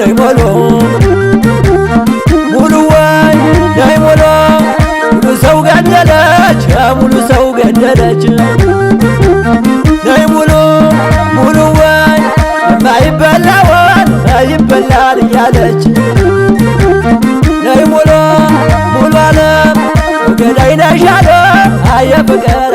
ነይ ቦሎ ሙሉ ወይ ነይ ቦሎ ሙሉ ሰው ገደለች ሙሉ ሰው ገደለች ነይ ሙሉ ሙሉ ወይ እያለች ነይ ሙሉ ሙሉ አለም ገዳይ ነሻለ አየ ፍቅር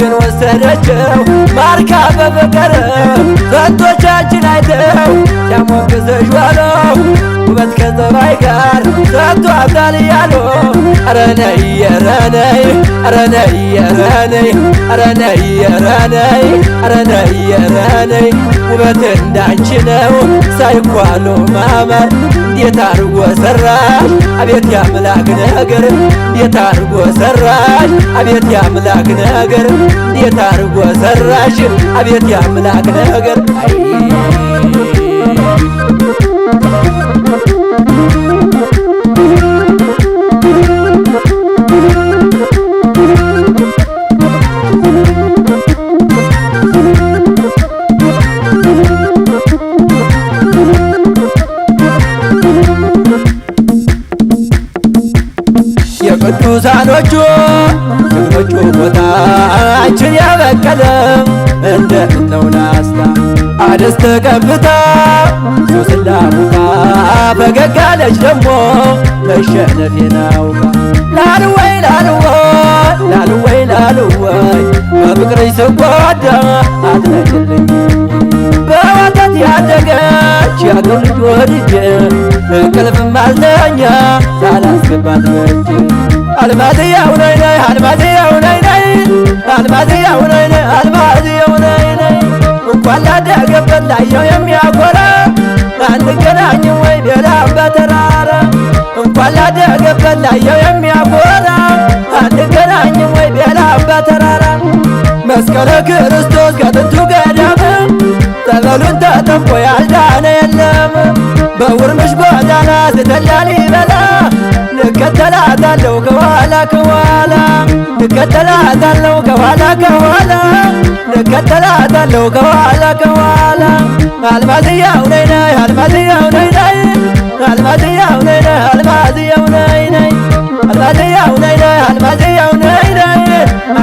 ልቤን ወሰደችው ባርካ በፍቅር ሰቶቻችን አይተው ያሞገሰሽ ዋለው ውበት ከጸባይ ጋር ሰቶ አብዳል ያሉ ረነይ ረነይ ረነይ ረነይ ረነይ ረነይ ረነይ ረነይ ውበት እንዳንቺ ነው ሳይኳሉ ማመር እንዴት አድርጎ ሰራኝ አቤት ያምላክ ነገር እንዴት አድርጎ ሰራኝ አቤት ያምላክ ነገር እንዴት አርጎ ሰራሽ አቤት ያምላክ ነገር ቅዱሳኖቹ ጀግኖቹ ቦታችን ያበቀለ እንደ ነው ላስታ አደስ ተቀብታ ሶስላ ሙታ ፈገጋለች ደግሞ መሸነፌን አውቃ ላልወይ ላልወይ ላልወይ ላልወይ በፍቅርሽ ስጓዳ አትለጭልኝ በወተት ያደገች ያገር ልጅ ወድጄ እንቅልፍም አልተኛ ሳላስገባት በእጄ አልማዝያው ነይ ነይ አልማዝያው ነይ ነይ አልማዝያው ነይ ነይ አልማዝያው ነይ ነይ እንኳን ላደገበት ላየው የሚያኮራ አንገናኝ ወይ ሌላ በተራራ እንኳን ላደገበት ላየው የሚያኮራ አንገናኝ ወይ ሌላ በተራራ መስቀለ ክርስቶስ ከጥንቱ ገዳም ጠበሉን ተጠምቆ ያልዳነ የለም በውርምሽ ጎዳና ስተላል ይበላ ከኋላ ከኋላ እከተላታለሁ ከኋላ ከኋላ እከተላታለሁ ከኋላ ከኋላ አልማዝያው ነይ ነይ አልማዝያው ነይ ነይ አልማዝያው ነይ ነይ አልማዝያው ነይ ነይ አልማዝያው ነይ ነይ አልማዝያው ነይ ነይ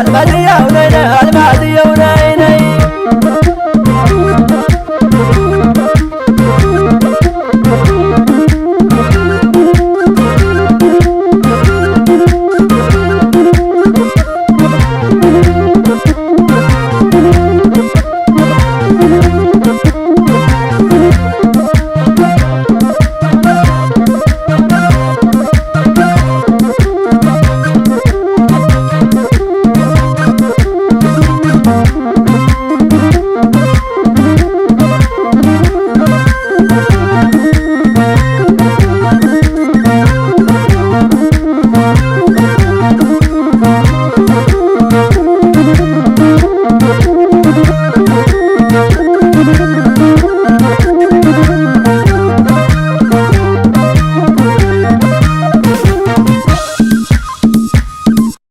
አልማዝያው ነይ ነይ